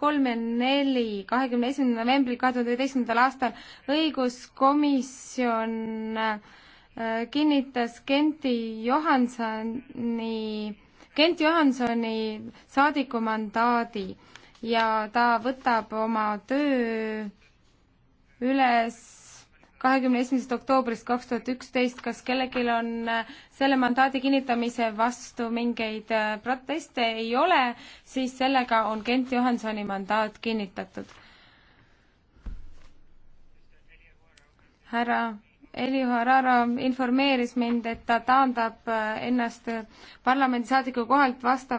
kolm ja neli, kahekümne esimene novembril kahe tuhande üheteistkümnendal aastal õiguskomisjon äh, kinnitas Kenti Johansoni, Kent Johansoni saadikumandaadi ja ta võtab oma töö üles kahekümne esimesest oktoobrist kaks tuhat üksteist, kas kellelgi on äh, selle mandaadi kinnitamise vastu mingeid äh, proteste, ei ole, siis sellega on Kent Johansoni mandaat kinnitatud. härra Elio Harara informeeris mind, et ta taandab äh, ennast parlamendisaadiku kohalt vastav